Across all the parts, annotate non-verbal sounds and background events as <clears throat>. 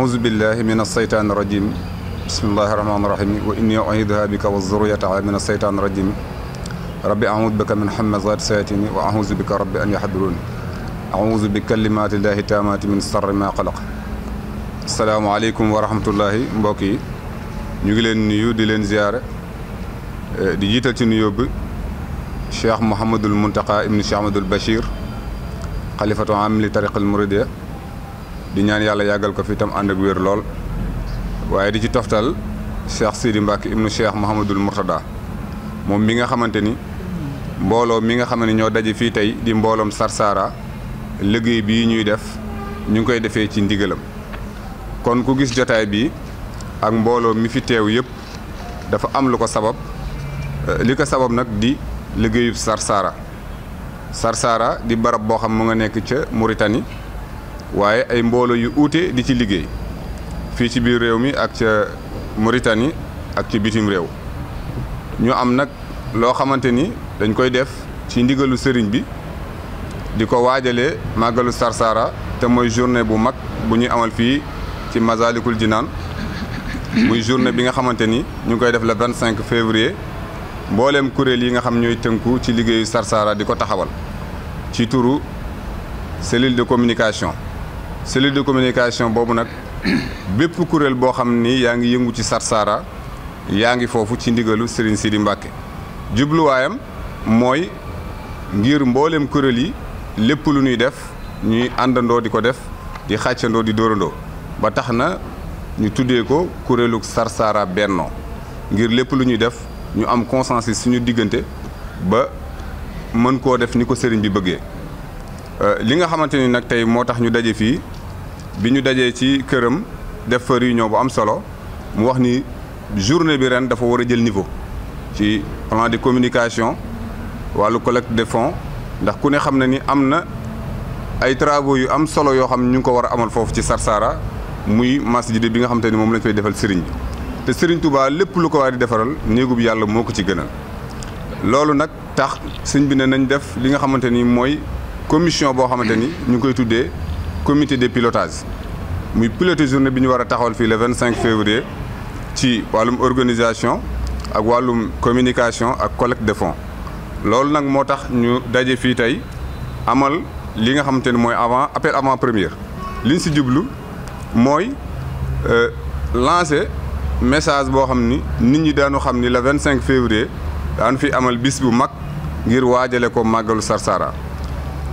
ahousubillahi min alseytaan irajim bismillahi rahmaani rahim wa inni uiduha bika wa zurriyataha min alseytaan irajim rabbi ahousu bika min hamazati sayatini wa ahousu bika rabbi an yahdurun ahousu bi kalimatillahi taamati min sarri ma xalaq asalaamaaleykum wa rahmatullahi mbokk yi ñu ngi leen nuyu di leen ziyaare eh, di jiital ci nuyoo bi cheikh mouhamadul muntaqa ibnu cheikh ahmadul bachir xalifatu am li tariqal muridiya di ñaan yàlla yàggal ko fi tam ànd ak wér lool waaye di ci toftal Cheikh Sidi Mbacke ibnu Cheikh Mouhamadul Mourtada moom mi nga xamante ni mbooloo mi nga xam ni ñoo daje fii tey di mbooloom Sarsara liggéey bi ñuy def ñu ngi koy defee ci ndigalam kon ku gis jotaay bi ak mbooloo mi fi teew yëpp dafa am lu ko sabab euh, li ko sabab nag di liggéeyub Sarsara Sarsara di barab boo xam mu nga nekk ca Mauritanie. waaye ay mbooloo yu uute di ci liggéey fii ci biir réew mi ak ca Mauritanie ak ci bitim réew ñu am nag loo xamante ni dañ koy def ci ndigalu sëriñ bi di ko waajalee màggalu Sarsara te mooy journée bu mag bu ñuy amal fii ci Masalikul naan muy journée bi nga xamante ni ñu ngi koy def le cinq février mbooleem kuréel yi nga xam ñooy tënku ci liggéeyu Sarsara di ko taxawal ci turu cellule de communication cellule de communication boobu nag <clears throat> bépp kuréel boo xam ni yaa ngi yëngu ci Sarsara yaa ngi foofu ci ndigalu Serigne Sidi Mbacke jubluwaayam mooy ngir mbooleem kuréel yi lépp lu ñuy def ñuy àndandoo di ko def di xàccandoo di dóorandoo ba tax na ñu tuddee ko kuréelu Sarsara bennoo ngir lépp lu ñuy def ñu am consensus suñu diggante ba mën koo def ni ko sëriñ bi bëggee euh, li nga xamante ni nag tey moo tax ñu daje fii bi ñu dajee ci këram def fa réunion bu am solo mu wax ni journée bi ren dafa war a jël niveau ci plan de communication wàllu collecte de fonds ndax ku ne xam na ni am na ay travaux yu am solo yoo xam ñu ngi ko war a amal foofu ci Sarsara muy masjid bi nga xam ni moom lañ fay defal sëriñ bi te sëriñ Touba lépp lu ko war di defaral néegub yàlla moo ko ci gënal loolu nag tax sëñ bi ne nañ def li nga xamante ni mooy commission boo xamante ni ñu ngi koy tuddee. comité de pilotage muy piloté journée bi ñu war a taxawal fii le 25 février ci wàllum organisation ak wàllum communication ak collecte de fonds loolu nag moo tax ñu daje fii tey amal li nga xamante ni mooy avant appel avant première li ñu si jublu mooy euh, lancer message boo xam ni nit ñi daanu xam ni le 25 février daanu fi amal bis bu mag ngir waajale ko màggalu Sarsara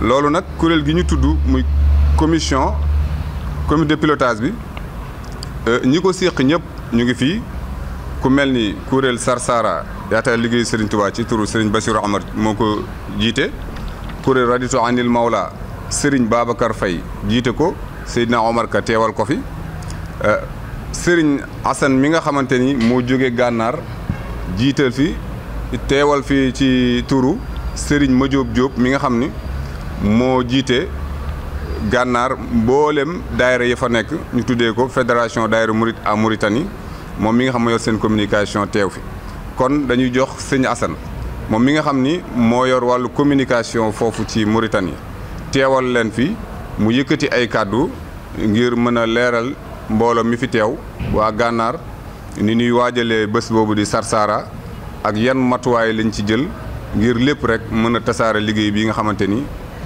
loolu nag kuréel gi ñu tudd muy commission comité de pilotage bi euh, ñi ko séq ñëpp ñu ngi fii ku mel ni kuréel Sarsara yaatal liggéeyu Serigne Touba ci turu Serigne Bassirou Amar moo ko jiite kuréel Radito Anil Mawla Serigne Babacar Faye jiite ko Seydina Omar Ka teewal ko fi euh, sëriñ Assane mi nga xamante ni moo jóge gànnaar jiital fi teewal fi ci turu Serigne Madiop Diop mi nga xam ni moo jiite gànnaar mboolem daayira yi fa nekk ñu tuddee ko fédération daayira Murit à Mauritanie moom mi nga xam moo yor seen communication teew fi kon dañuy jox sëñ Assane moom mi nga xam ni moo yor wàllu communication foofu ci Mauritanie teewal leen fi mu yëkkati ay kàddu ngir mën a leeral mbooloo mi fi teew waa gànnaar ni ñuy waajale bés boobu di Sarsara ak yan matuwaay lañ ci jël ngir lépp rek mën a tasaare liggéey bi nga xamante ni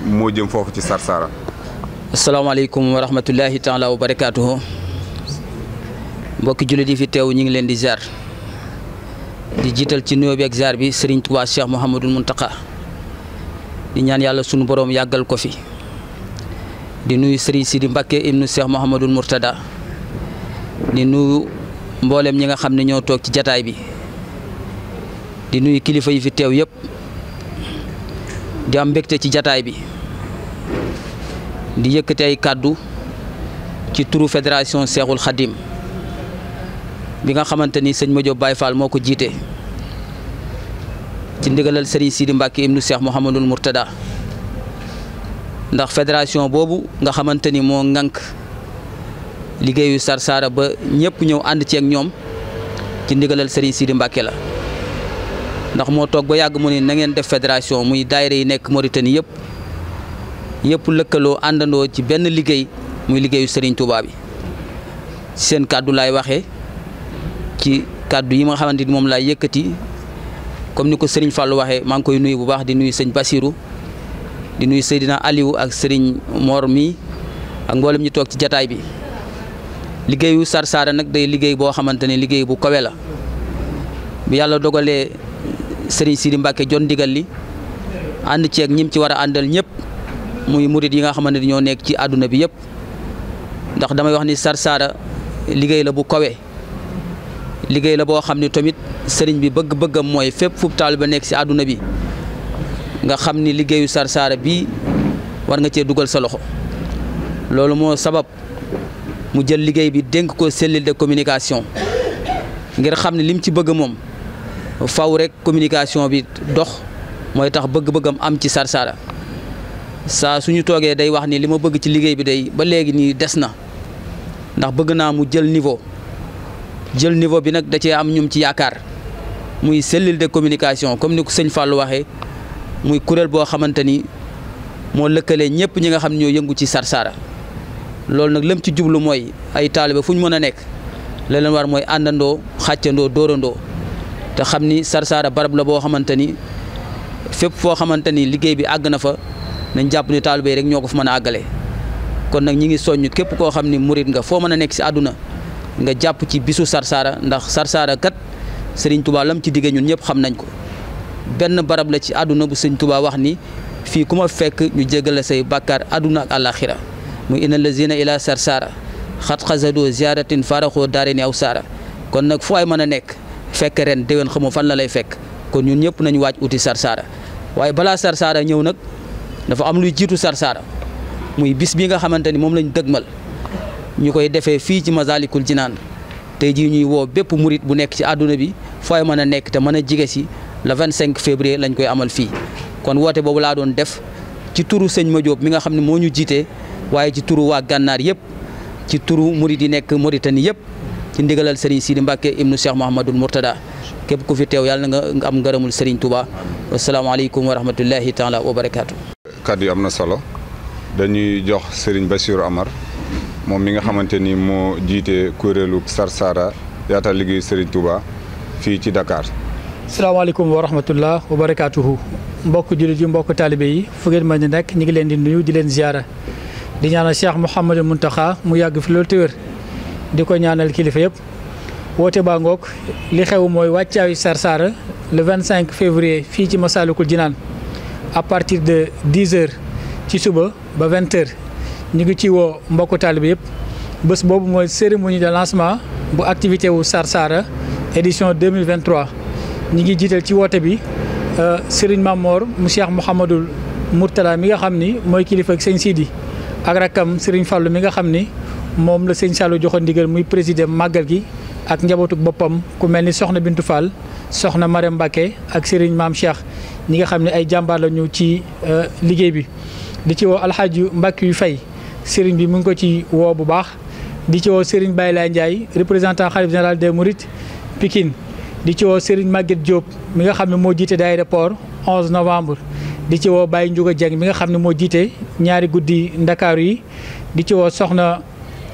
moo jëm foofu ci Sarsara asalaamaaleykum wa rahmatullahi taala wa barakaatuhu mbokki jullit yi fi teew ñu ngi leen di ziar di jiital ci nuyoo bi ak ziar bi Serigne Touba Cheikh Mouhamadul Mountakha di ñaan yàlla sunu boroom yàggal ko fi di nuyu Serigne Sidi Mbacke ibnu Cheikh Mouhamadul Mourtada di nuyu mboolem ñi nga xam ne ñoo toog ci jataay bi di nuyu kilifa yi fi teew yëpp di am mbégte ci jataay bi. di yëkkati tey kàddu ci turu fédération Seexul Xadim bi nga xamante ni sëñ Madiop Baye Fall moo ko jiite ci ndigalal sëriñ Sidi Mbacke ibnu Cheikh Mouhamadul Mourtada ndax fédération boobu nga xamante ni moo ŋànk liggéeyu Sarsara ba ñëpp ñëw ànd ci ak ñoom ci ndigalal sëriñ Sidi Mbacke la ndax moo toog ba yàgg mu ne na ngeen def fédération muy daayira yi nekk Mauritanie yëpp yëpp lëkkaloo àndandoo ci benn liggéey muy liggéeyu sëriñ Touba bi seen kàddu lay waxe ci kàddu yi ma xamante ni moom laay yëkkati comme ni ko sëriñ Fallou waxee maa ngi koy nuyu bu baax di nuyu sëñ Basirou di nuyu Seydina Aliou ak sëriñ moor mi ak mboolem ñu toog ci jataay bi liggéeyu Sarsara nag day liggéey boo xamante ne liggéey bu kawe la bu yàlla dogalee Serigne Sidi Mbacke jon ndigal li ànd ceeg ñim ci war a àndal ñëpp. muy murit yi nga xamante ni ñoo nekk ci àdduna bi yëpp ndax damay wax ni Sarsara liggéey la bu kawe liggéey la boo xam ni tamit sëriñ bi bëgg-bëggam mooy fépp fu taalibe ba nekk si àdduna bi nga xam ni liggéeyu Sarsara bi war nga cee dugal sa loxo loolu moo sabab mu jël liggéey bi dénk ko cellule de communication ngir xam ne lim ci bëgg moom faw rek communication bi dox mooy tax bëgg-bëggam am ci Sarsara saa suñu toogee day wax nii li ma bëgg ci liggéey bi day ba léegi nii des na ndax bëgg naa mu jël niveau jël niveau bi nag da cee am ñum ci yaakaar muy cellule de communication comme ni ko sëñ Fallou waxee muy kuréel boo xamante ni moo lëkkalee ñëpp ñi nga xam ñoo yëngu ci Sarsara loolu nag lëm ci jublu mooy ay taalibe fu ñu mën a nekk la leen war mooy àndandoo xàccandoo dóorandoo te xam ni Sarsara barab la boo xamante ni fépp foo xamante ni liggéey bi àgg na fa nañ jàpp ni taalibe yi rek ñoo ko fa mën a àggale kon nag ñi ngi soññ képp koo xam ni murit nga foo mën a nekk si àdduna nga jàpp ci bisu Sarsara ndax Sarsara kat Serigne Touba lam ci diggee ñun ñëpp xam nañ ko benn barab la ci àdduna bu Serigne Touba wax ni fii ku ma fekk ñu jégal say bàkkaar àdduna ak àllaaxira muy inna lazina ila Sarsara xat xasado ziaratin faraxoo daare ni aw saara kon nag fu ay mën a nekk fekk ren déwén xamoo fan la lay fekk kon ñun ñëpp nañ waaj uti Sarsara waaye balaa Sarsara ñëw nag dafa am luy jiitu Sarsara muy bis bi nga xamante ni moom lañ dëgmal ñu koy defee fii ci Masalikul Jinaan tey jii ñuy woo bépp murit bu nekk ci àdduna bi fooy mën a nekk te mën a jige si le 25 février lañ koy amal fii kon woote boobu laa doon def ci turu sëñ Madiop mi nga xam ne moo ñu jiite waaye ci turu waa gànnaar yëpp ci turu murit yi nekk Mauritanie yëpp ci ndigalal Serigne Sidi Mbacke ibnu Cheikh Mouhamadul Mourtada képp ku fi teew yàlla na nga am ngërëmul Serigne Touba wasalaamaaleykum wa rahmatullahi kàddu yi am na solo dañuy jox sëriñ Bassirou Amar moom mi nga xamante ni moo jiite kuréelu Sarsara yaatal liggéey Serigne Touba fii ci Dakar. salaamaaleykum wa rahmatullah wa barakaatuhu mbokk jullit yi mbokk taalibe yi fu ngeen mën di nekk ñu ngi leen di nuyu di leen ziara di ñaanal Cheikh Mouhamadou Mountakha mu yàgg fi loolu te di ko ñaanal kilifa yëpp woote baa ngoog li xew mooy wàccaayu Sarsara le 25 février fii ci Masaalikul Jinaan à partir de 10 heures ci suba ba 20 ñu ngi ci woo mbokku taalibe yëpp bés boobu mooy cérémonie de lancement bu activité wu Sarsara édition 2023 ñi ngi jiital ci woote bi euh, Serigne Mamor mu Cheikh Mouhamadul Mourtala mi nga xam ni mooy kilifa ak sëñ Sidi ak rakkam Serigne Fallou mi nga xam ni moom la sëñ Sallou joxoon ndigal muy président màggal gi ak njabootu boppam ku mel ni Soxna Bintu Fall. soxna Marème Mbacké ak Serigne mam Cheikh ñi nga xam ne ay jàmbaar lañu ci euh, liggéey bi di ci woo alxaaji mbakk yu fay Serigne bi mu ngi ko ci woo bu baax di ci woo Serigne bay Laye Ndiaye représentant xalif général de Mourides pikin di ci woo Serigne Maguette Diop mi nga xam ne moo jiite daayira port novembre di ci woo Baye Ndiouga Dieng mi nga xam ne moo jiite ñaari guddi Ndakaaru yi di ci woo soxna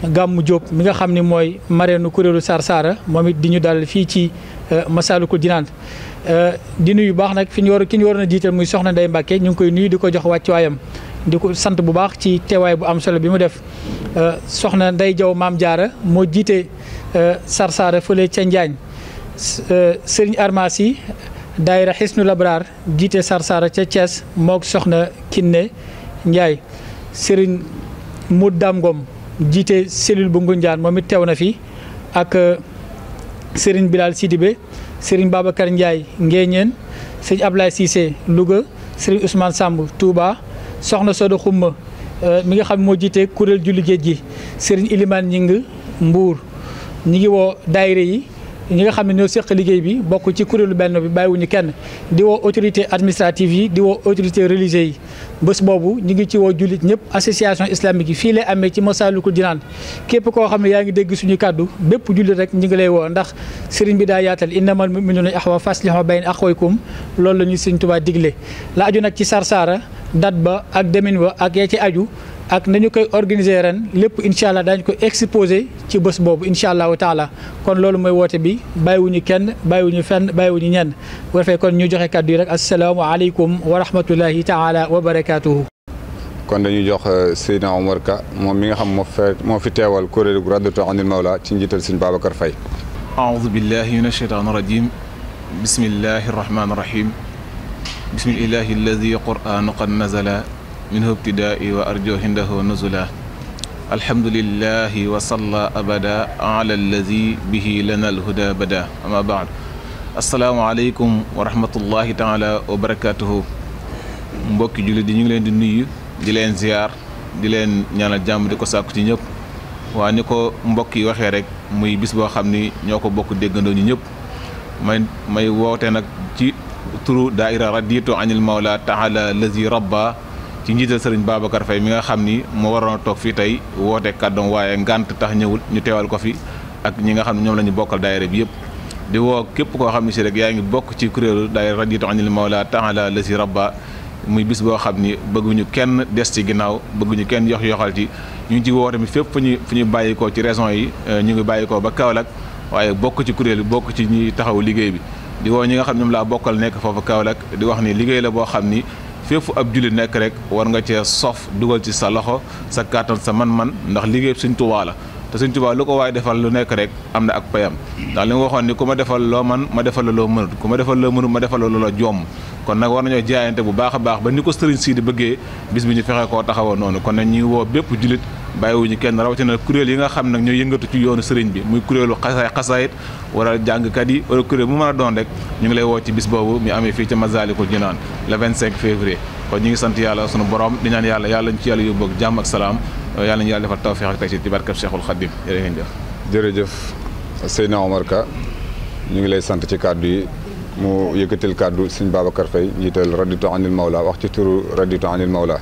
Gàmmu Diop mi nga xam ni mooy mareenu kuréelu Sarsara moom it di ñu dalal fii ci euh, Masaalikul Jinaan euh, di nuyu baax nag fi ñu war ki ñu waroon a jiital muy soxna Ndeye Mbacke ñu ngi koy nuyu di ko jox wàccuwaayam di ko sant bu baax ci teewaay bu am solo bi mu def euh, soxna Ndeye jaw Maam jaara moo jiite Sarsara fële ca Njaañ Serigne Armas yi daayira Xisnu Labraar jiite Sarsara ca Thiès moog soxna Kiné Ndiaye Serigne Moudam Ngom jiite cellule bu Ngoundiane moom it teew na fi ak euh, Serigne Bilal Sidibé Serigne Babacar Ndiaye Ngéeñeen sëñ Ablaye Cissé Louga Serigne Ousmane Samb Touba soxna Soda Xumma euh, mi nga xam moo jiite kuréel ju liggéey ji gi Serigne ñi Ñing Mbuur ñi ngi woo daayira yi ñi nga xam ne ñoo seq liggéey bi bokk ci kuréelu benn bi bàyyiwuñu kenn di woo autorité administrative yi di woo autorité religieux yi bés boobu ñu ngi ci woo jullit ñëpp association islamique yi fii lay amee ci Masaalikul Jinaan képp koo xam ne yaa ngi dégg suñu kàddu bépp jullit rek ñu ngi lay woo ndax sëriñ bi daa yaatal innamal mu'minuuna ixwa faslihu bayna axawaykum loolu la ñuy sëriñ Tuubaa digle la aju nag ci sarsaara dat ba ak demin wa ak ya ci aju ak nañu koy organiser ren lépp incha allah daañu ko exposer ci bés boobu incha allahu taala kon loolu mooy woote bi bàyyiwuñu kenn bàyyiwuñu fenn bàyyiwuñu ñenn bu defee kon ñu joxe kàddu yi rek asalaamu aleykum wa rahmatullahi taala wa barakaatuhu. kon dañu jox euh, Seydina Omar Ka moom mi nga xam moo fi moo fi teewal kuréel gu Raddatu Anil Mawla ci njiital Sëñ Babacar Faye. aoudu billahi min ashaytaani rajim bismillahi minhu ibtidaai wa arjo hindahu nuzula alhamdulillahi wa salla abada ala allazi bihi lana alhuda bada ama baad asalaamaaleykum wa rahmatullahi taala wa barakatuhu mbokki jullit di ñu ngi leen di nuyu di leen ziar di leen ñaanal jàmm di ko sàkku ci ñëpp waa ni ko mbokk yi waxee rek muy bis boo xam ni ñoo ko bokk déggandoo ñu ñëpp may may woote nag ci turu daaira raditu anil mawla taala lazi rabba ci njiital sëriñ Babacar Faye mi nga xam ni moo waroon a toog fii tey woote kàddoom waaye ngànt tax ñëwul ñu teewal ko fi ak ñi nga xam ñoom la ñu bokkal daayira bi yëpp di woo képp koo xam ne si rek yaa ngi bokk ci kuréelu daayira rajitu anil mawla taala la si rabba muy bis boo xam ni bëgguñu kenn des ci ginnaaw bëgguñu kenn yox yoxal ci ñu ngi ci fépp fu ñuy fu ñuy ci région yi euh, ñu ngi bàyyikoo ba Kaolack bokk ci kuréel bokk ci ñi taxaw liggéey bi di woo ñi nga xam ñoom laa bokkal nekk foofu Kaolack di wax ni liggéey la boo xam ni fépp ab jullit nekk rek war nga cee sof dugal ci sa loxo sa kàttan sa man-man ndax liggéey Sëñ Tuubaa la te Sëñ Tuubaa lu ko waay defal lu nekk rek am na ak payam ndax li mu waxoon ni ku ma defal loo man ma defal la loo mënut ku ma defal loo mënut ma defal la jomm kon nag war nañoo jaayante bu baax a baax ba ni ko sëriñ sii di bëggee bis bi ñu fexe koo taxawoo noonu kon nag ñu woo bépp jullit bàyyiwuñu kenn rawatina kuréel yi nga xam nag ñooy yëngatu ci yoonu sëriñ bi muy kuréelu xasaay xasaayit wala jàngkat yi wala kuréel mu mën a rek ñu ngi lay woo ci bis boobu mu amee fii ca Masaalikul Jinaan le 25 février kon ñu ngi sant yàlla sunu borom di ñaan yàlla yàlla ñu ci yàlla yóbbu ak salaam yàlla nañu yàlla defal tawfeex ak taysiir ci barkeb Seexul Xadiim jërë ngeen jëf jërëjëf Seydina Omar Ka ñu ngi lay sant ci kàddu yi mu yëkkatil kàddu Sëñ Babacar Faye njiital raditu anil mawla wax ci turu raditu anil mawla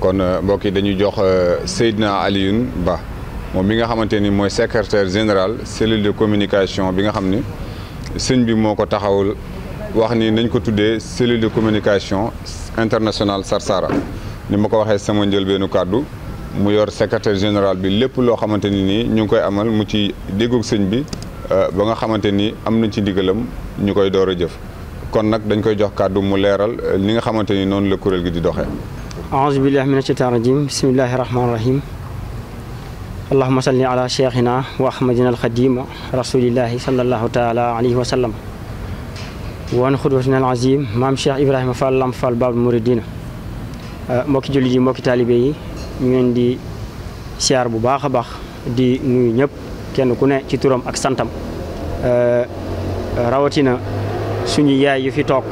kon euh, mbokk yi dañuy jox euh, Seydina Alioune Ba moom mi nga xamante ni mooy secrétaire général cellule de communication bi nga xam ni sëñ bi moo ko taxawul wax ni nañ ko tuddee cellule de communication international Sarsara ni ma ko waxee sama njëlbeenu kàddu mu yor secretaire général bi lépp loo xamante ni nii ñu ngi koy amal mu ci déggoog sëñ bi euh, ba nga xamante ni am nañ ci ndigalam ñu koy door a jëf kon nag dañ koy jox kàddu mu leeral euh, ni nga xamante ni noonu la kuréel gi di doxee aouzu billahi mina shaytaan rajim bismillahi rahmaani rahim allahuma salli ala cheikhina wa ahmadina alxadima rasulillahi salallahu taala alayhi wa sallam wan xudwatina al azim maam cheikh ibrahima fall lam fall babu muridina euh, mbokki julli ji mbokki taalibe yi ñu ngi di siyaar bu baax a baax di nuyu ñëpp kenn ku ne ci turam ak santam euh, rawatina suñu yaay yu fi toog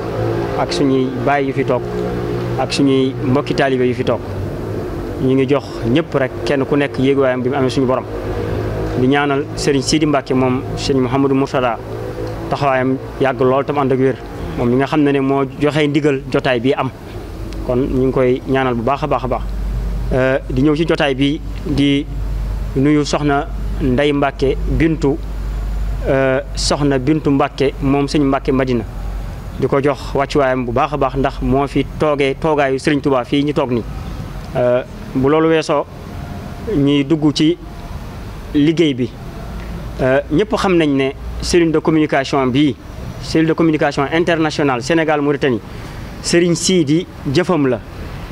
ak suñuy baay yu fi toog ak suñuy mbokki taalibe yu fi toog ñu ngi jox ñëpp rek kenn ku nekk yéeguwaayam bi mu amee suñu borom di ñaanal sëriñ Sidi Mbacke moom sëriñ Mouhamadou Mourtada taxawaayam yàgg loolu tam ànd moom mi nga xam ne ne moo joxe ndigal jotaay bi am kon ñu ngi koy ñaanal bu baax a baax a baax Euh, di ñëw ci jotaay bi di nuyu soxna Ndey Mbàkke Bintu euh, soxna Bintu Mbàkke moom sëñ Mbàkke Madina di ko jox wàccuwaayam bu baax a baax ndax moo fi toogee toogaayu Sëriñ Tuubaa fii ñu toog nii euh, bu loolu weesoo ñuy dugg ci liggéey bi ñëpp xam nañ ne cellule de communication bi cellule de communication international Sénégal Mauritanie Sëriñ Siidi jëfam la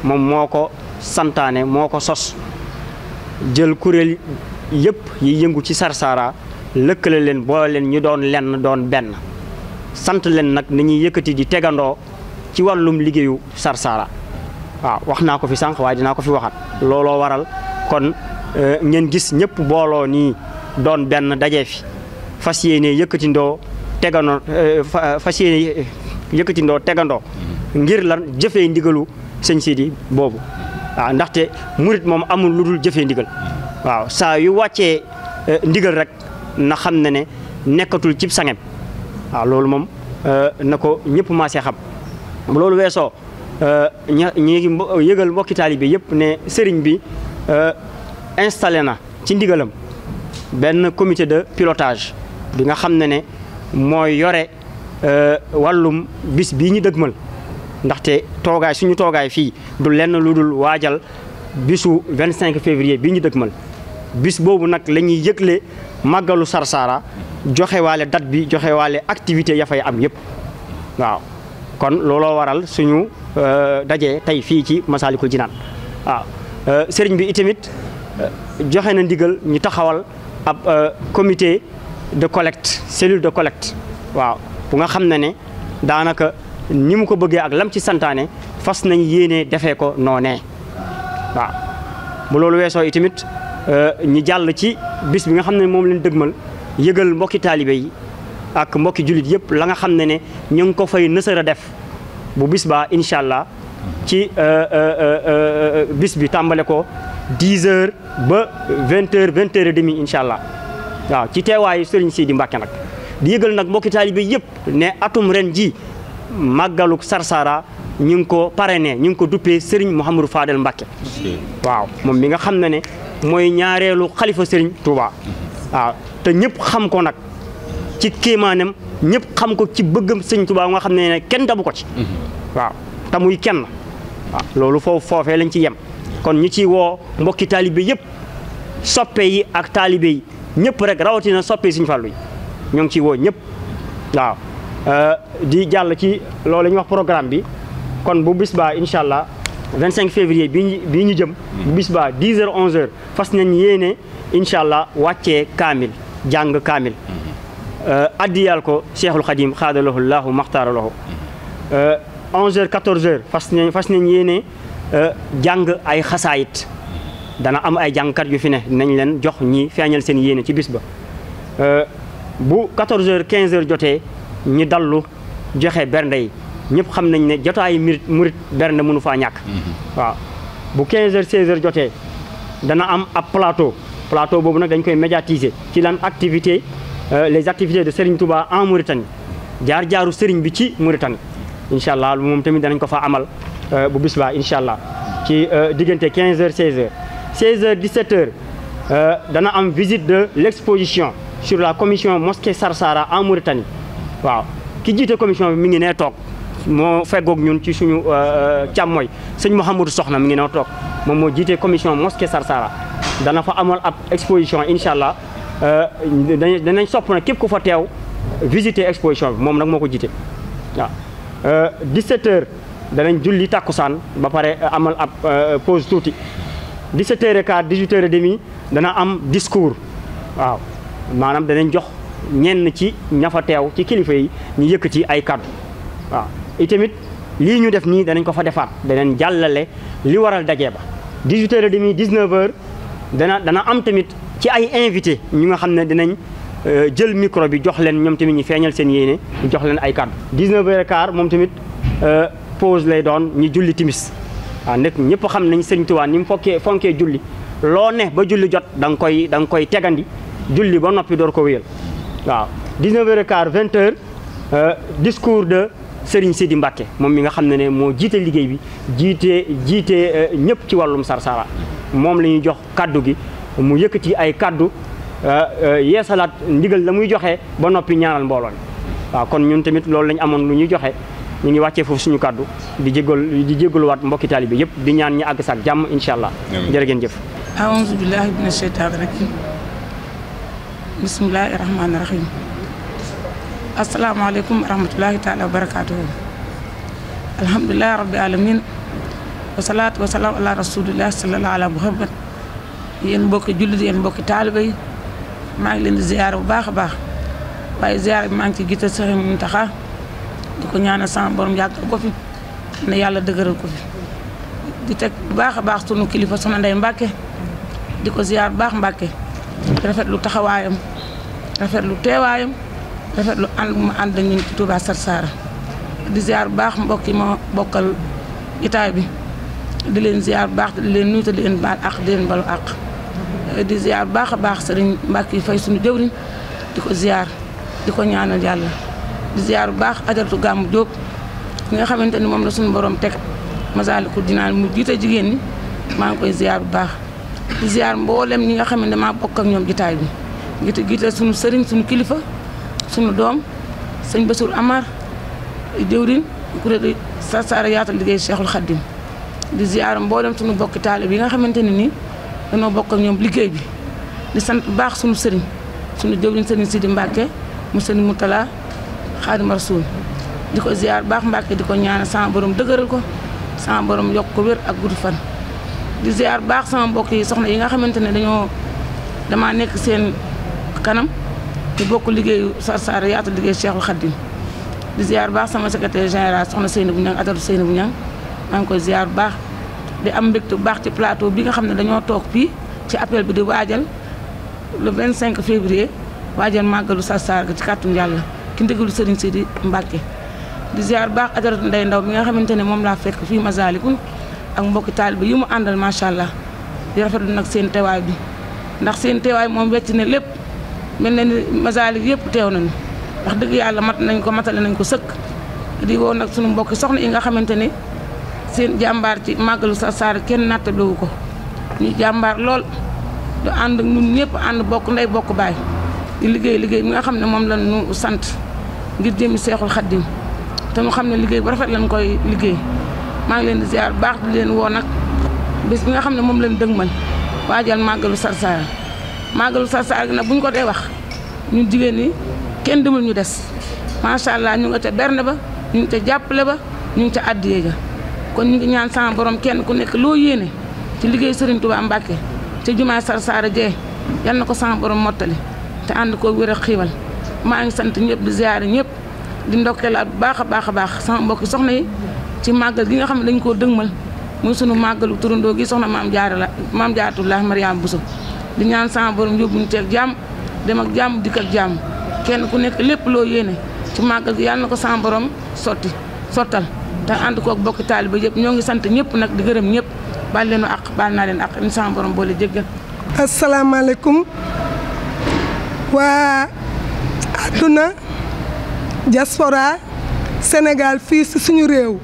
moom moo ko santaane moo ko sos jël kuréel yëpp yi yëngu ci Sarsara lëkkale leen boole leen ñu doon lenn doon benn sant leen nag ni ñuy yëkkati di tegandoo ci wàllum liggéeyu Sarsara waaw wax naa ko fi sànq waa dinaa ko fi waxaat looloo waral kon euh, ngeen gis ñëpp booloo nii doon benn daje fi fas yéene yëkkatindoo tegandoo euh, fas yéene yëkkatindoo tegandoo ngir lan jëfee ndigalu sëñ Sidi boobu. waaw ndaxte murit moom amul lu dul jëfee ndigal waaw saa yu wàccee euh, ndigal rek na xam na ne nekkatul ci sangem waaw loolu moom euh, na ko ñëpp maasee xam loolu weesoo euh, ña ñi yëgal mbokki taalibe bi yëpp ne sëriñ bi installé na ci ndigalam benn comité de pilotage bi nga xam ne ne mooy yore wàllum bis bii ñu dëgmal ndaxte toogaay suñu toogaay fii du lenn lu dul waajal bisu 25 février bi ñu dëkkmal bis boobu nag la ñuy yëgle màggalu Sarsara joxewaale date bi joxewaale activité ya fay am yëpp waaw kon looloo waral suñu euh, dajee tey fii ci Masaalikul Jinaan waaw euh, sëriñ bi itamit euh, joxe na ndigal ñu taxawal ab commité de collect cellule de collecte waaw bu nga xam ne ne daanaka ni ko bëggee ak lam ci santaane fas nañ yéene defee ko noonee waaw bu loolu weesoo itamit euh, ñi jàll ci bis bi nga xam ne moom leen dëgmal yëgal mbokki taalibe yi ak mbokki jullit yëpp la nga xam ne ne ñu ngi ko fay nësër def bu bis baa incha allah ci euh, euh, bis bi tàmbale ko 10 heures ba 20 heures demi incha allah waaw ci teewaayu Serigne Sidi Mbacke nag di yëgal nag mbokki taalibe yëpp ne atum ren ji màggaluk Sarsara ñu ngi ko parrainé ñu ngi ko duppee Serigne Mouhamadou Fadel Mbacke. waaw moom mi nga xam ne ne mooy ñaareelu xalifa sëriñ Touba. waaw te ñëpp xam ko nag ci kéemaanam ñëpp xam ko ci bëggam Serigne Touba nga xam ne ne kenn dabu ko ci. waaw te muy kenn loolu foofu foofee lañ ci yem kon ñu ci woo mbokki taalibe yëpp soppe yi ak taalibe yi ñëpp rek rawatina soppe Serigne Fallou yi ñoo ngi ciy woo ñëpp waaw. Euh, di jàll ci loolu la wax programme bi kon bu bis baa incha allah 25 février bi ñu bii ñu jëm. bu mm. bis baa 10 heures 11 heures fas nañ yéene incha allah wàcce kaamil jàng kaamil. Mm-hmm. Euh, addiyal ko Cheikhul Khadim xaadalahu laahu maxtaara lahu mm-hmm. euh, 11 heures 14 heures fas nañ fas nañ yéene jàng ay xasaayit mm-hmm. dana am ay jàngkat yu fi ne nañ leen jox ñi feeñal seen yéene ci bis ba bu 14 heures 15 heures jotee. ñi dallu joxe bernde yi ñëpp xam nañ ne jotaayu murit murit bernde mënu faa ñàkk mm-hmm. waaw bu 15 heures 16 heures jotee dana am ab plateau plateau boobu nag dañ koy médiatiser ci lan activité euh, les activités de Serigne Touba en Mauritanie jaar-jaaru Serigne bi ci Mauritanie incha allah moom tamit danañ ko fa amal euh, bu bis baa incha allah ci euh, diggante 15 heures 16 heures 16 heures dana am visite de l' exposition sur la commission mosquée Sarsara en Mauritanie waaw ki jiite commission bi mi ngi nee toog moo feggoog ñun ci suñu euh, euh, càmmooy sëñ Mouhamadou Soxna mi ngi nee toog moom moo jiite commission mosquée Sarsara dana fa amal ab exposition incha allah euh, dañuy danañ sopp na képp ku fa teew visiter exposition bi moom nag moo ko jiite waaw 17 heures danañ julli tàkkusaan ba pare amal ab pause tuuti 17 heures et quart 18 heures et dana am discours waaw maanaam danañ jox ñenn ci ñafa teew ci kilifa yi ñu yëkkati ay kàddu waaw itamit lii ñu def nii danañ ko fa defaat danañ jàllale li waral daje ba 18 heures et demi 19 dana dana am tamit ci ay invité ñu nga xam ne dinañ euh, jël micro bi jox leen ñoom tamit ñu feeñal seen yéene jox leen ay kàddu 19 heures et moom tamit euh, pause lay doon ñu julli timis waa nag ñëpp xam nañ Sëriñ Tuubaa ni fokkee fonkee julli loo ne ba julli jot da nga koy da nga koy tegandi julli ba noppi door ko wéyal waaw 19 heures et quart 20 heures euh, discours de Serigne Sidi Mbacké moom mi nga xam ne ne moo jiite liggéey bi jiite jiite euh, ñëpp ci wàllum Sarsara moom la ñuy jox kàddu gi mu yëkkati ay kaddu euh, yeesalaat ndigal la muy joxe ba noppi ñaanal mbooloo waaw kon ñun tamit loolu lañ amoon lu ñuy joxe ñu ngi wàccee foofu suñu kaddu di jégal di jégaluwaat mbokki taalibe bi yëpp di ñaan ñu àgg saak jàmm incha allah. jërë ngeen jëf. bisimilahi rahmaani rahim asalaamaaleykum wa rahmatulahi taala wa barakaatuhu alhamdulilahi rabbi alamin wasalaatu wasalaam ala rasulillah salallahu muhammad yéen mbokki jullit yéen mbokki taaliba yi maa ngi leen di bu baax a baax waaye ziyaar bi maa ngi ci jiital saxi Muntaxa di ko ñaanal sama borom yàggal ko yàlla dëgëral ko fi di teg bu baax a baax sunu kilifa sama ndey Mbàkke di ko ziyaar bu baax Mbàkke rafet lu taxawaayam rafet lu teewaayam rafetlu ànd mu ànd ñun ci Touba Sarsara di ziar bu baax mbokk yi ma bokkal itaay bi di leen ziar bu baax leen nuyu te di leen baal àq di leen balu àq di ziar bu baax a baax sëriñ Mbacke Faye suñu jëwriñ di ko ziar di ko ñaanal yàlla di ziar bu baax ajartu gàmmu Jóob ki nga xamante ni moom la suñu borom teg Masaalikul dinaa mu jiite jigéen ñi maa ngi koy ziar bu baax di ziar mboolem ñi nga xam ne damaa bokk ak ñoom jitaay bi gita giital suñu sëriñ suñu kilifa suñu doom sëñ Bassirou Amar jëwrin kuréel Sarsara yaatal liggéey Cheikhul Khadim di ziar mboolem suñu bokki taalib yi nga xamante ne nii danoo bokk ak ñoom liggéey bi di sant baax suñu sëriñ suñu jëwrin sëriñ Sidi Mbacke mu sëriñ Moutala Xaadim Rasul di ko ziar baax Mbacke di ko ñaanal sama borom dëgëral ko sama borom yokk ko wér ak gudd fan di ziar baax sama mbokk yi soxna yi nga xamante ne dañoo damaa nekk seen kanam ñu bokk liggéeyu Sar Sara yaatu liggéey Cheikhul Khadim di ziar baax sama secrétaire général soxna Seynabou Niang atatu Seynabou Niang maa ngi koy ziar bu baax di am mbégte bu baax ci plateau bi nga xam ne dañoo toog fii ci appel bi di waajal le 25 février waajal màggalu Sar Sara ga ci kàttu yàlla ki ndigalu Serigne Sidi di ziar baax atatu Ndeye Ndaw mi nga xamante ne moom laa fekk fii Masalikul ak mbokki taalibe yi mu àndal macha allah di rafetlu nag seen teewaay bi ndax seen teewaay moom wecc ne lépp mel na ni masaalik yëpp teew nañu wax dëgg yàlla mat nañ ko matale nañ ko sëkk di woo nag sunu mbokki soxna yi nga xamante ni seen jàmbaar ci màggalu sa Sarsara kenn nattabliwu ko ñu jàmbaar lool du ànd ak ñun ñëpp ànd bokk ndey bokk baay di liggéey liggéey bi nga xam ne moom la ñu sant ngir jëmi seexul xaddim te mu xam ne liggéey bu rafet lañ koy liggéey maa ngi leen di ziar baax di leen woo nag bés bi nga xam ne moom leen dëgmal waajal màggalu Sarsara màggalu Sarsara gi nag bu ñu ko dee wax ñun jigéen ñi kenn dimul ñu des macha allah ñu nga ca berne ba ñu ngi ca jàppale ba ñu ngi ca àddiyee kon ñu ngi ñaan sama borom kenn ku nekk loo yéene ci liggéey Serigne Touba Mbacke ca jumaa Sarsara jee yal na ko sama borom mottali te ànd koo wér a xiiwal maa ngi sant ñëpp di ziar ñëpp di ndokkeel bu baax a baax a baax sama mbokki soxna ci màggal gi nga xam ne dañ koo dëgmal muy sunu màggalu turandoo gi soxna maam jaara la maam jaaratullaah bu Bousso di ñaan sama borom yóbbuñu teeg jàmm dem ak jàmm dikk ak jàmm kenn ku nekk lépp loo yéene ci màggal gi yàlla na ko sama sotti sottal te ànd koog bokki taaliba yëpp ñoo ngi sant ñëpp nag di gërëm ñëpp baal leenu ak baal naa leen ak ñu sama borom boole jéggal waa àdduna diaspora Sénégal fii si suñu réew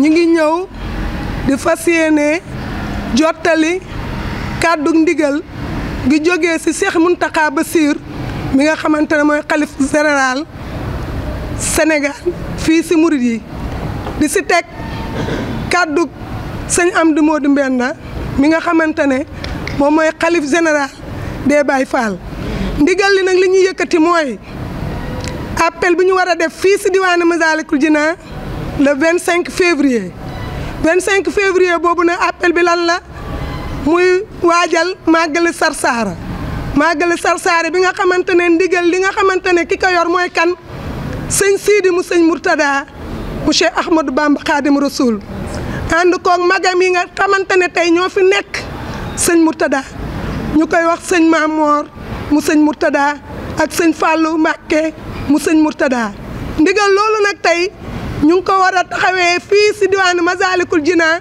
ñi ngi ñëw di fas yéene jottali kàddu ndigal gi jógee ci Cheikh Mountakha siir mi nga xamante ne mooy xalif général Sénégal fii ci murit yi di ci teg kàddu sëñ Amdi Modou Mbenda mi nga xamante ne moom mooy xalif général des Baye Fall ndigal li nag li ñuy yëkkati mooy appel bi ñu war a def fii ci diwaanu Massalikul jinaa le 25 février 25 février boobu nag appel bi lan la muy waajal màggali Sarsara màggali Sarsara bi nga xamante ne ndigal li nga xamante ne ki ko yor mooy kan sëñ Sidi mu sëñ Mourtada mu Cheikh Ahmadou Bamba Khadim Rasoul ànd koog magam yi nga xamante ne tey ñoo fi nekk sëñ Mourtada ñu koy wax sëñ Mamor mu sëñ Mourtada ak sëñ Fallou Mbacké mu sëñ Mourtada ndigal loolu nag tey. ñu ngi ko war a taxawee fii si diwaanu Masalikul Jinaan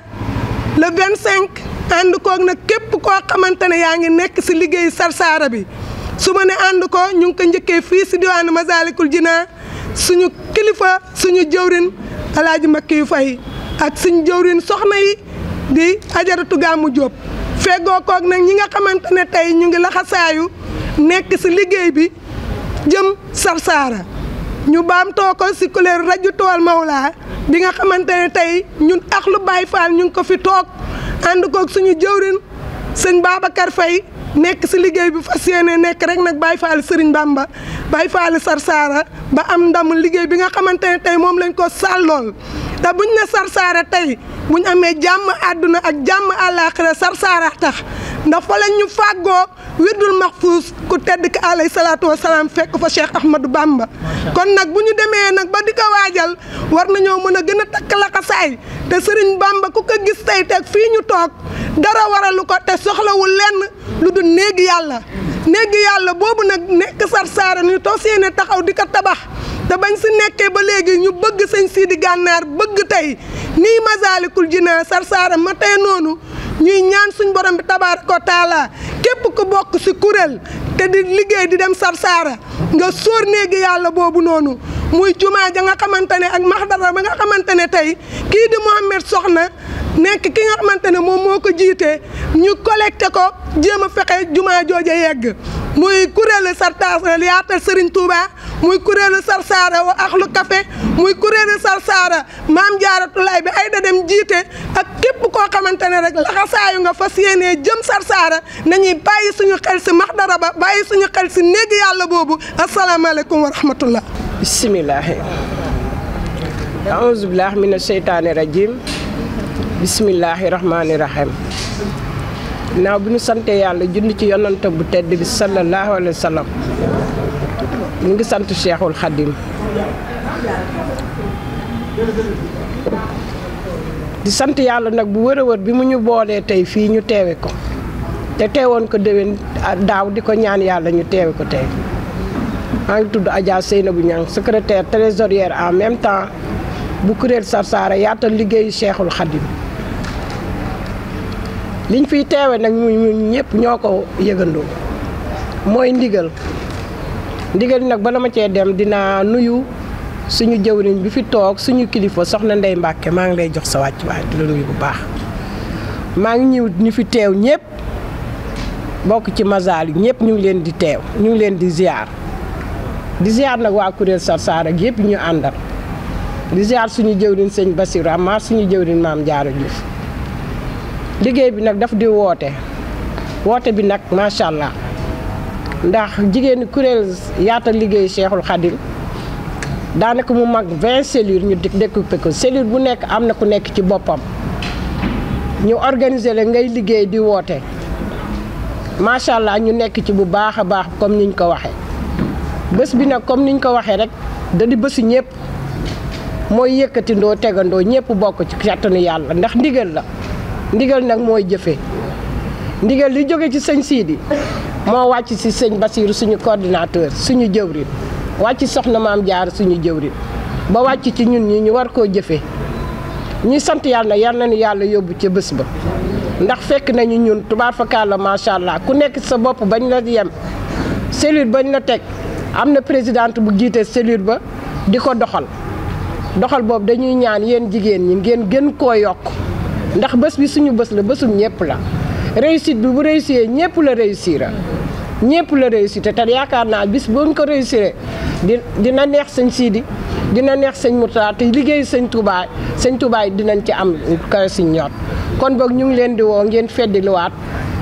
la 25 ànd koog na képp koo xamante ne yaa ngi nekk si liggéey Sarsara bi su ma ne ànd ko ñu ngi ko njëkkee fii si diwaanu Masalikul Jinaan suñu kilifa suñu jëwrin alaaji Mbakki yu fay ak suñu jëwrin soxna yi di ajaratu gàmmu Jóob feggoo koog nag ñi nga xamante ne tey ñu ngi laxasaayu nekk si liggéey bi jëm Sarsara ñu baamtoo ko si couleur rajo tool Mawla bi nga xamante ne tey ñun ak lu Baay Faal ñu ngi ko fi toog ànd koog suñu jëwrin sëñ Babacar Faye nekk si liggéey bi fas yéene nekk rek nag Baay Faal Sëriñ Bamba Baay Faal Sarsara ba am ndamu liggéey bi nga xamante ne tey moom lañ ko sàllool te bu buñ ne Sarsara tey bu ñu amee jàmm àdduna ak jàmm àllaaxira Sarsara tax ndax fa la ñu fàggoo wirdul maxfuus ku tedd ki alayhi salaatu wa salaam fekk fa Cheikh Ahmadou Bamba kon nag bu ñu demee nag ba di ko waajal war nañoo mën a gën a takk laxasaay te Serigne Bamba ku ko gis tey teg fii ñu toog dara waralu ko te soxlawul lenn lu dul néegi yàlla néeg yàlla boobu nag nekk Sarsara ñu toog seen taxaw di ko tabax te bañ si nekkee ba léegi ñu bëgg sëñ Sidi Gànnaar bëgg tey nii Masaalikul Jinaan Sarsaara ma tey noonu ñuy ñaan suñ borom bi tabaaraka taala képp ko bokk si kuréel te di liggéey di dem Sarsaara nga sóor néegi yàlla boobu noonu muy jumaa ja nga xamante ne ak maxdara ba nga xamante ne tey kii di Mouhamed Soxna nekk ki nga xamante ne moom moo ko jiite ñu collecté ko jéem a fexe jumaa jooja yegg muy kuréelu Sarsaara yaatal Serigne Touba. muy kuréelu Sarsara wa axlu café muy kuréelu Sarsara maam jaaratulaay bi ay da dem jiite ak képp koo xamante ne rek laxasaayu nga fas yéenee jëm Sarsara nañuy bàyyi suñu xel si maxdara ba bàyyi suñu xel si néegi yàlla boobu asalaamaaleykum wa rahmatullah bisimilahi aousubilah mina sheytaani rajim bisimilahi rahmaani rahim naaw bu ñu sante yàlla jund ci yonante bu tedd bi sallallahu alayhi wa ñu ngi sant Cheikhul xaddim di sant yàlla nag bu wër a wër bi mu ñu boolee tey fii ñu teewe ko te teewoon ko déwén daaw di ko ñaan yàlla ñu teewe ko tey maa ngi tudd Adja bu Niang secrétaire trésorière en même temps bu kuréel Sarsara yaatal liggéeyu seexul Khadim liñ fiy teewe nag mu ñun ñëpp ñoo ko yëgandoo mooy ndigal ndigal nag bala ma cee dem dinaa nuyu suñu jëwriñ bi fi toog suñu kilifa soxna Ndey Mbàkke maa ngi lay jox sa wàcc di la nuyu bu baax maa ngi ñëw ñu fi teew ñëpp bokk ci masaal yi ñëpp ñu ngi leen di teew ñu ngi leen di ziar di ziar nag waa kuréel Sarsara ak yëpp ñu àndal di ziar suñu jëwriñ sëñ Bassirou Amar suñu jëwriñ maam Diarra Diouf liggéey bi nag daf di woote woote bi nag macha allah. ndax jigéeni kuréel yaatal liggéey Cheikhul Khadim daanaka mu mag 20 cellules ñu découpé ko cellule bu nekk am na ku nekk ci boppam ñu organiser la ngay liggéey di woote macha allah ñu nekk ci bu baax a baax comme niñ ko waxee bés bi nag comme niñ ko waxee rek da di bésu ñëpp mooy yëkkatindoo tegandoo ñëpp bokk ci kàttanu yàlla ndax ndigal la ndigal nag mooy jëfe ndigal li jóge ci sëñ Sidi moo wàcc si sëñ Basiiru suñu coordinateur suñu jëwrin wàcc soxna maam jaar suñu jëwrin ba wàcc ci ñun ñi ñu war koo jëfe ñuy sant yàlla yal nañu yàlla yóbbu ca bés ba ndax fekk nañu ñun tubaar fakkaat la macha allah ku nekk sa bopp bañ la yem cellule bañ la teg am na présidente bu jiite cellule ba di ko doxal doxal boobu dañuy ñaan yéen jigéen ñi ngeen gën koo yokk ndax bés bi suñu bés la bésul ñëpp la. réussite bi bu réussir ñëpp la ra ñëpp la réussir te yaakaar naa bis buñ ko réussir di dina neex sëñ Sidi dina neex sëñ Mourtada te liggéey sëñ Touba sëñ Touba dinañ ci am kawe si ñor kon boog ñu ngi leen di woo ngeen feddiliwaat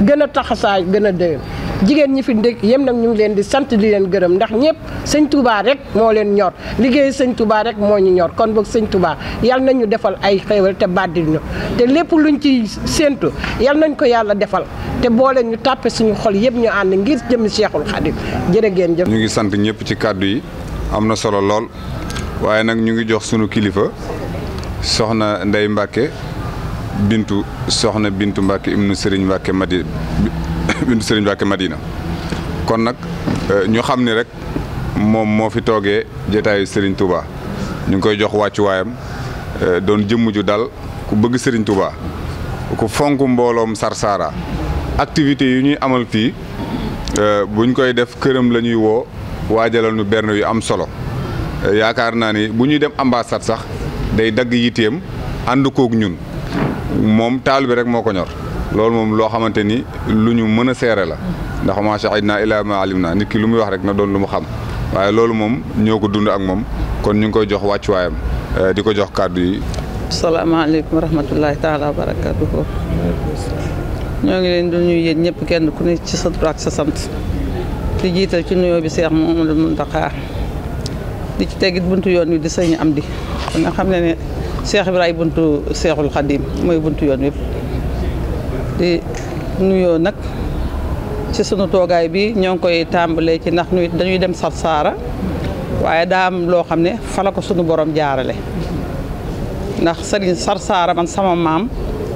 gën a taxasaay gën a dëgër jigéen ñi fi ndékk yéen nag ñu leen di sant di leen gërëm ndax ñëpp sëñ Touba rek moo leen ñor liggéey sëñ Touba rek moo ñu ñor kon boog sëñ Touba yal nañu defal ay xéewal te bàddil ñu te lépp luñ ci séentu yal nañ ko yàlla defal te boole ñu tàppe suñu xol yëpp ñu ànd ngir jëm Cheikhul Khadim jërë ngeen jëf. ñu ngi sant ñëpp ci kàddu yi am na solo lool. waaye nag ñu ngi jox sunu kilifa soxna Ndey Mbàkke bintu soxna bintu Mbàkke ibnu Sëriñ Mbàkke Madina bintu Sëriñ Mbàkke Madina kon nag euh, ñu xam ni rek moom moo fi toogee jotaayu Serigne Touba ñu ngi koy jox wàccuwaayam euh, doon jëmm ju dal ku bëgg Serigne Touba ku fonk mbooloom Sarsara activité yu ñuy amal fii euh, buñ koy def këram la ñuy woo waajalal nu berne yu am solo. yaakaar naa ni bu ñuy dem ambassade sax day dagg yiteem ànd kook ñun moom taalu bi rek moo ko ñor loolu moom loo xamante ni lu ñu mën a seere la ndax ma shahidna illa ma alim na nit lu muy wax rek na doon lu mu xam waaye loolu moom ñoo ko dund ak moom kon ñu koy jox wàccuwaayam eh, di ko jox kàddu yi salaamaaleykum wa rahmatullahi taala wa barakatuhu ñoo ngi leen di nuyu yéen ñëpp kenn ku ne ci sa tur sa sant di jiital ci nuyoo bi Seex Muhammadu di ci teggit buntu yoon wi di sëñ am di nga xam ne ne Cheikh Ibrahima buntu seexul Khadim mooy buntu yoon wi di nuyoo nag ci sunu toogaay bi ñoo ngi koy tàmbalee ci ndax nuy dañuy dem Sarsara waaye daa am loo xam ne fala ko sunu borom jaarale ndax sëriñ Sarsara man sama maam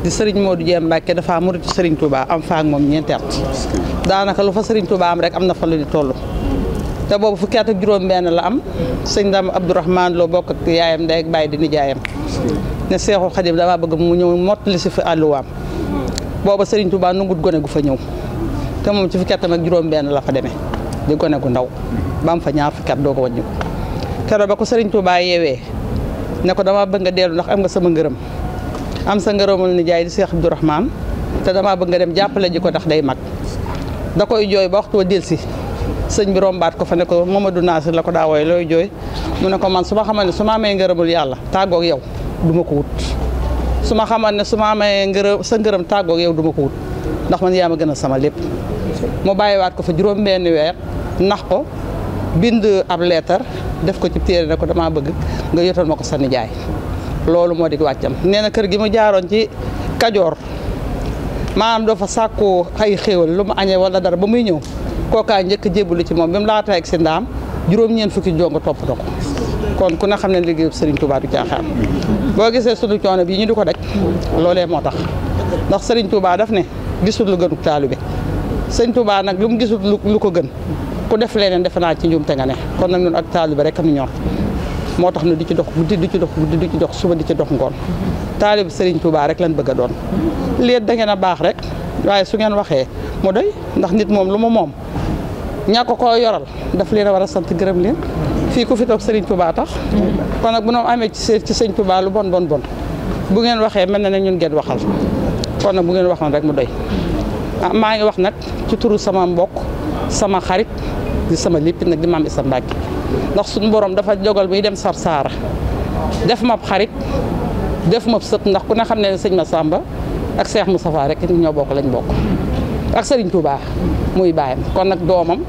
di sëriñ Modou Dieng Mbacke dafa murit sëriñ Touba am fa moom ñeenti at daanaka lu fa sëriñ Touba am rek am na fa lu di te boobu fukki at ak juróom-benn la am sëñ Dame Abdourahman loo bokk ak yaayam ndey bàyyi di nijaayam ne Seexu Xadim damaa bëgg mu ñëw mottali si fi àlluwaam booba Serigne Touba nangut gone gu fa ñëw te moom ci fukki ak juróom-benn la fa demee di gone gu ndaw ba am fa ñaar fukki doo ko wàññi ko keroog ba ko Serigne ne ko damaa bëgg nga dellu ndax am nga sama ngërëm am sa ngërëmul nijaay di Seex Abdourahman te damaa bëgg nga dem jàppale ji ko ndax day mag da koy jooy ba waxtu wa delsi sëñ bi rombaat ko fa ne ko Mamadou Nasir la ko daa wooye looy jooy mu ne ko man su ma xamal ne su ma amee ngërëmul yàlla tàggoog yow du ma ko wut su ma xamoon ne su ma mayee ngërëm sa ngërëm tàggoog yow duma ko wut ndax man yaa ma gën a sama lépp mu bàyyi waat ko fa juróom benn weer nax ko bind ab leetar def ko ci téere ne ko damaa bëgg nga yotal ma ko sa nijaay loolu moo di wàccam nee na kër gi mu jaaroon ci Kajoor maanaam doo fa sàkku ay xéewal lu mu añee wala dara ba muy ñëw kookaay njëkk jébbalu ci moom bi mu laata ak si ndaam juróom-ñeent fukki jonga topp na ko kon ku ne xam ne liggéeyub Serigne Touba du caaxaan boo gisee sunu coono bii ñu di ko daj loolee moo tax ndax sëriñ Touba daf ne gisul lu gënu bi Serigne Touba nag lu mu gisul lu ko gën ku def leneen defe naa ci njuumte nga ne kon nag ñun ak bi rek am ñor. moo tax nag di ci dox guddi di ci dox guddi di dox suba di ci dox ngoon taalib Serigne Touba rek lañ bëgg doon léet da ngeen a baax rek waaye su ngeen waxee mu doy ndax nit moom lu mu moom ñàkk ko yoral daf leen a war a sant gërëm leen fii ku fi sëriñ Serigne Touba tax kon nag bu noom amee ci sëñ Serigne Touba lu bon bon bon bu ngeen waxee mel na ne ñun ngeen waxal kon nag bu ngeen waxoon rek mu doy ah maa ngi wax nag ci turu sama mbokk sama xarit di sama léppit nag di maam Issa Mbacke ndax suñ boroom dafa jogal buy dem Sarsara def ma xarit def ma sët ndax ku ne xam ne sëñ Massamba ak Cheikh Moustapha rek ñoo bokk lañ bokk ak Serigne Touba muy baayam kon nag doomam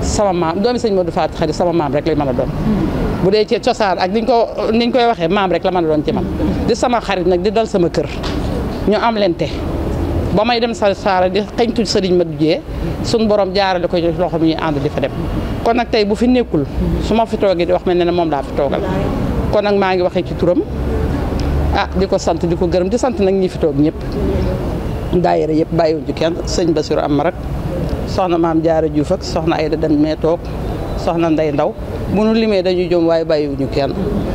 sama maam doomi sëñ Modou Fatou Khari sama maam rek lañ mën a doon. bu dee ci cosaan ak niñ ko niñ koy waxee maam rek la man a doon ci man di sama xarit nag di dal sama kër ñu am lente ba may dem sa saara di xeñtu sëriñ ma dujee suñ borom jaarale ko loxo mi ñuy ànd di fa dem kon nag tey bu fi nekkul su ma fi toogee di wax mel ne ne moom laa fi toogal kon nag maa ngi waxee ci turam ah di ko sant di ko gërëm di sant nag ñi fitoog toog ñëpp daayira yëpp bàyyiwuñ ci kenn sëñ Basiru am ma rek soxna maam jaara Juuf ak soxna Ayda dem mee toog soxna Ndey Ndaw bu nu limee dañuy jom waaye bàyyiwuñu kenn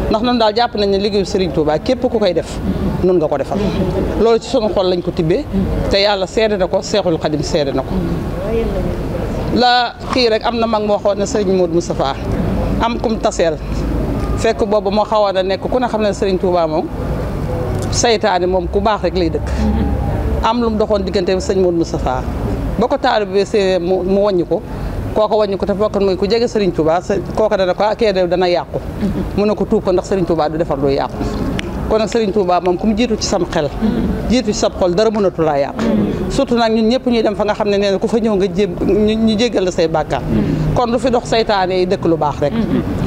ndax noonu daal jàpp nañ ne liggéeyu Serigne Touba képp ku koy def nun nga ko defal loolu ci sunu xool lañ ko tibbee te yàlla seede na ko Seexul Xadim seede na ko la kii rek am na mag moo waxoon ne Serigne Modou Moustapha am kum taseel fekk boobu moo xawoon a nekk ku ne xam ne Serigne Touba moom saytaane moom ku baax rek lay dëkk am lu mu doxoon diggante sëñ Modou Moustapha boo ko taalibe bi mu wàññi ko kooko wàññi ko te fokk muy ku jege Serigne Touba kooko dana ko ah, kee de dana yàqu mu ne ko tuub ko ndax Serigne Touba du defar lu yàqu kon nag Serigne Touba moom ku mu jiitu ci sam xel jiitu ci sam xol dara mënatu laa yàq surtout nag ñun ñëpp ñuy dem fa nga xam ne nee na ku fa ñëw nga jé ñu jéggal la say bàkkaar kon lu fi dox saytaane yi dëkk lu baax rek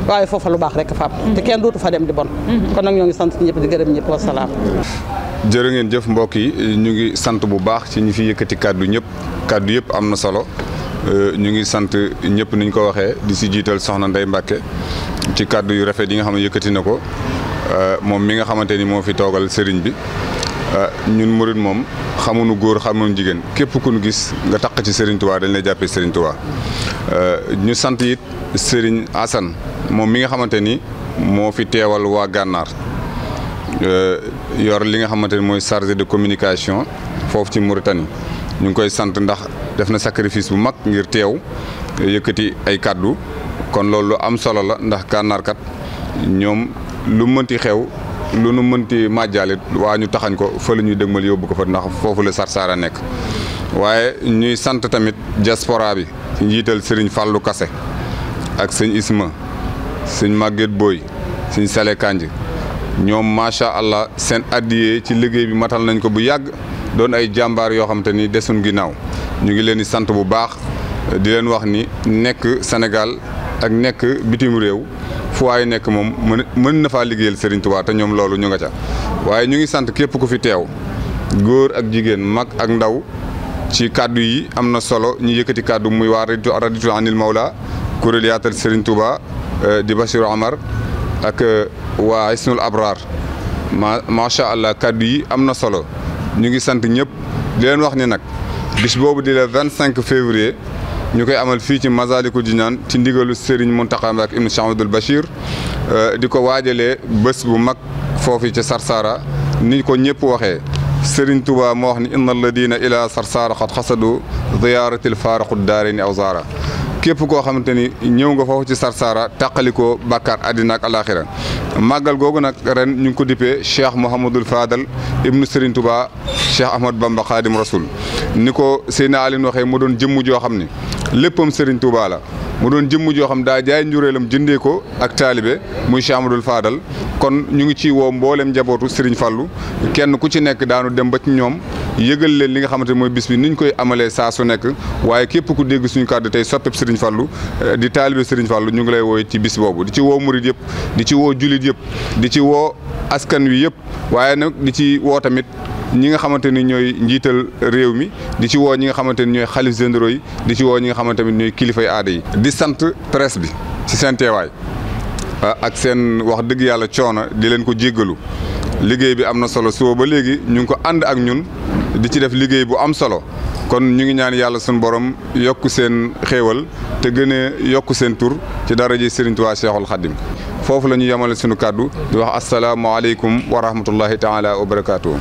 waaye foofa lu baax rek fa am te kenn dootu fa dem di kon nag ñoo ngi sant ñëpp di gërëm ñëpp wasalaam jërë ngeen jëf mbokk yi ñu sant bu baax ci ñu fi yëkkati kàddu ñëpp kàddu yëpp am na solo Euh, ñu ngi sant ñëpp niñ ko waxee di si jiital soxna Ndeye Mbacke ci kàddu yu rafet yi nga xam ne yëkkati na ko euh, moom mi nga xamante ni moo fi toogal sëriñ bi euh, ñun murit moom xamuñu góor xamuñu jigéen képp ku ñu gis nga taq ci sëriñ Touba dañ lay jàppee sëriñ Touba ñu sant it sëriñ Assane moom mi nga xamante ni moo fi teewal waa gànnaar yor li nga xamante ni mooy chargé de communication foofu ci Mauritanie ñu ngi koy sant ndax def na sacrifice bu mag ngir teew yëkkati ay kàddu kon loolu lu am solo la ndax gànnaar kat ñoom lu mënti xew lu nu mënti màjjaalit waa ñu taxañ ko fa la ñuy dëgmal yóbbu ko fa ndax foofu la Sarsara nekk waaye ñuy sant tamit diaspora bi ci njiital sëriñ Fallou kase ak sëñ Isma sëñ Maguette booy sëñ Sale Kanji ñoom macha allah seen addiyee ci liggéey bi matal nañ ko bu yàgg doon ay jàmbaar yoo xam te ni desuñ ginnaaw ñu ngi leen di sant bu baax di leen wax ni nekk Sénégal ak nekk bitim réew fu waay nekk moom mën na faa liggéeyal Serigne Touba te ñoom loolu ñu nga ca waaye ñu ngi sant képp ku fi teew góor ak jigéen mag ak ndaw ci kàddu yi am na solo ñu yëkkati kàddu muy waa raditu anil mawla kuréel yaatal Serigne Touba euh, di basiro Amar ak euh, waa Hisnul Abrar ma macha allah kàddu yi am na solo ñu ngi sant ñëpp di leen wax ni nag bis boobu di le vingt cinq février ñu koy amal fii ci Masaalikul Jinaan ci ndigalu Serigne Mountakha Mbacké ibn Cheikh Abdoul Bachir euh, di ko waajalee bés bu mag foofu ci Sarsara ni ko ñëpp waxee Serigne Touba moo wax ni inna alladina ila Sarsara xad xasadu ziyaaratil faaraqu daarayni aw zaara képp koo xamante ni ñëw nga foofu ci Sarsara tàqalikoo bàkkaar àddina ak alaaxira màggal googu nag ren ñu ngi ko dippee Cheikh Mouhamadul Fadal ibnu Serigne Touba Cheikh Ahmad Bamba Khadim Rasoul ni ko Seydina Alioune waxee mu doon jëmm joo xam ni léppam Serigne Touba la mu doon jëmm joo xam daa jaay njureelam jëndee ko ak taalibe muy Cheikh madul Fadal kon ñu ngi ci woo mboolem njabootu Serigne Fallou kenn ku ci nekk daanu dem ba ci ñoom yëgal leen li nga xamante ne mooy bis bi ni ñu koy amalee saa su nekk waaye képp ku dégg suñu kàddu tey soppeb Serigne Fallou eh, di taalibe Serigne Fallou ñu ngi lay wooy ci bis boobu di ci woo murit yëpp di ci woo julit yëpp di ci woo askan wi yëpp waaye nag di ci woo tamit ñi nga xamante ni ñooy njiital réew mi di ci woo ñi nga xamante ni ñooy xalif généraux yi di ci woo ñi nga xamante ni ñooy kilifay aada yi di sant presse bi ci seen teewaay ah, ak seen wax dëgg yàlla coono di leen ko jéggalu liggéey bi am na solo suba ba léegi ñu ngi ko ànd ak ñun di ci def liggéey bu am solo kon ñu ngi ñaan yàlla suñu borom yokk seen xéewal te gën a yokk seen tur ci dara ji Touba Cheikhul Khadim foofu la ñu yemale suñu kàddu di wax asalaamaaleykum wa rahmatullahi taala wa barakaatu.